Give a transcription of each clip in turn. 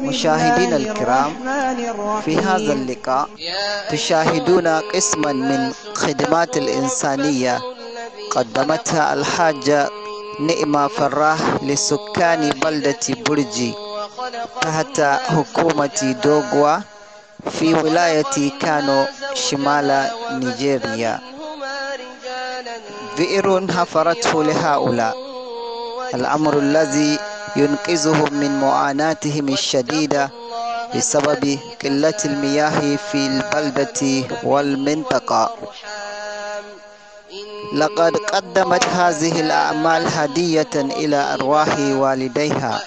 مشاهدينا الكرام في هذا اللقاء تشاهدون قسما من خدمات الإنسانية قدمتها الحاجة نئمة فراح لسكان بلدة برجي تحت حكومة دوغوا في ولاية كانو شمال نيجيريا بئر حفرته لهؤلاء الأمر الذي ينقذهم من معاناتهم الشديدة بسبب قلة المياه في البلدة والمنطقة لقد قدمت هذه الأعمال هدية إلى أرواح والديها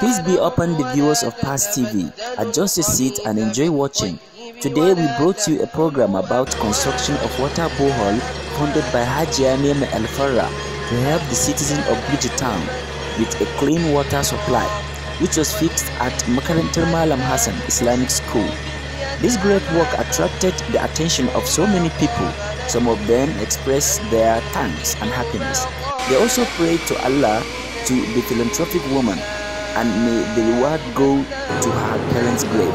Please be open the viewers of Past TV, adjust your seat and enjoy watching. Today we brought you a program about construction of water borehole funded by Haji Amim El Farah to help the citizens of Bridgetown with a clean water supply, which was fixed at Makarantar Malam Hassan Islamic School. This great work attracted the attention of so many people. Some of them expressed their thanks and happiness. They also prayed to Allah to the philanthropic woman and may the reward go to her parents' grave.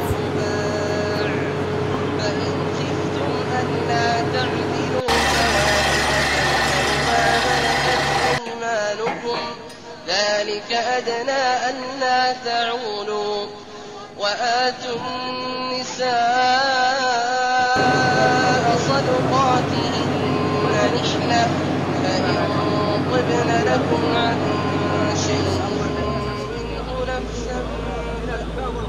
ذلك أدنى ألا تعولوا وآتوا النساء صدقاتهن نحلة فإن طبن لكم عن شيء منه نفسا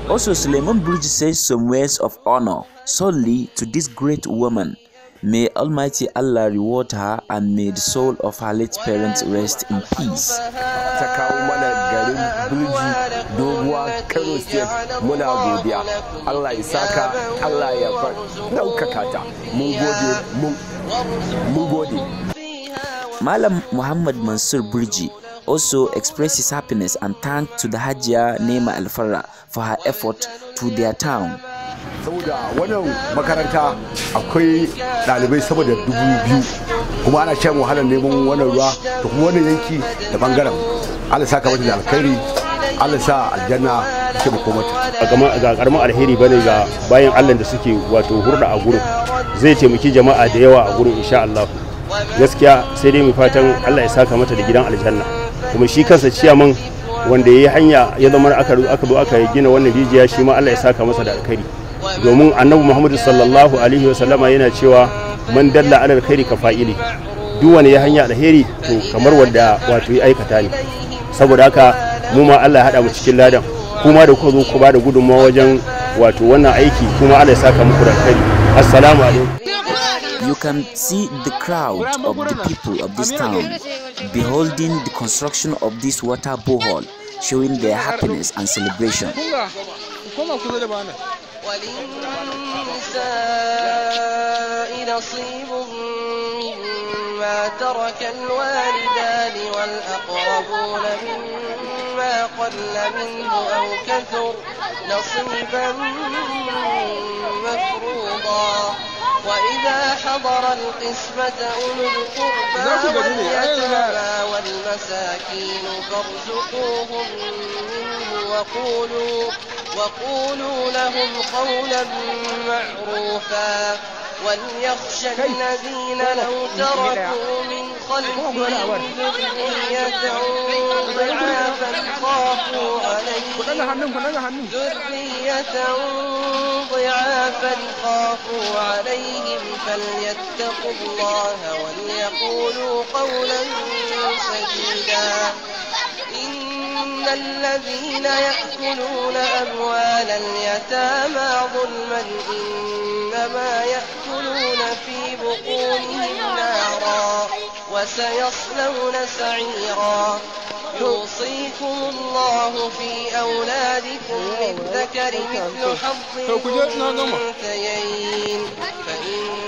Also Suleiman Bridge says some words of honor solely to this great woman May Almighty Allah reward her and may the soul of her late parents rest in peace. Ta kawo mana garin Birji Doguwa Kano State muna godiya. Allah ya saka, Allah ya ɗaukaka ta. Mun gode, mun gode. Malam Muhammad Mansur Birji also his happiness and thanks to the Hajiya Nema Alfarra for her effort to their town. Saboda wannan makaranta akwai ɗalibai sama da dubu biyu kuma ana shan wahalar neman wannan ruwa da kuma wannan yanki da bangaren allah sa kamata da alkhairi allah sa aljanna ke makomata ga karamin alheri bane ga bayan allah da suke wato hurda a gurin zai taimaki jama'a da yawa a gurin insha allah gaskiya sai dai mu fatan allah ya saka mata da gidan aljanna kuma shi kansa ciyaman wanda ya yi hanya ya zama aka zo aka gina wannan rijiya shi ma allah ya saka masa da alkhairi domin annabi muhammadu sallallahu alaihi wasallama yana cewa man dalla alal khairi ka fa'ili duk wani ya hanya alheri to kamar wanda wato ya aikata ne saboda haka mu ma Allah ya hada mu cikin ladan kuma da kuka zo ku bada gudunmawa wajen wato wannan aiki kuma Allah ya saka muku da alheri assalamu alaikum You can see the crowd of the people of this town beholding the construction of this water borehole, showing their happiness and celebration. وللنساء نصيب مما ترك الوالدان والأقربون مما قل منه أو كثر نصيبا مفروضا وإذا حضر القسمة أولو القربى واليتامى والمساكين فارزقوهم منه وقولوا وقولوا لهم قولا معروفا وليخشى الذين لو تركوا من خلفهم ذرية ضعافا خافوا عليهم ذرية ضعافا خافوا عليهم فليتقوا الله وليقولوا قولا إن الذين يأكلون أموال اليتامى ظلما إنما يأكلون في بطونهم نارا وسيصلون سعيرا يوصيكم الله في أولادكم للذكر مثل حظ الأنثيين فإن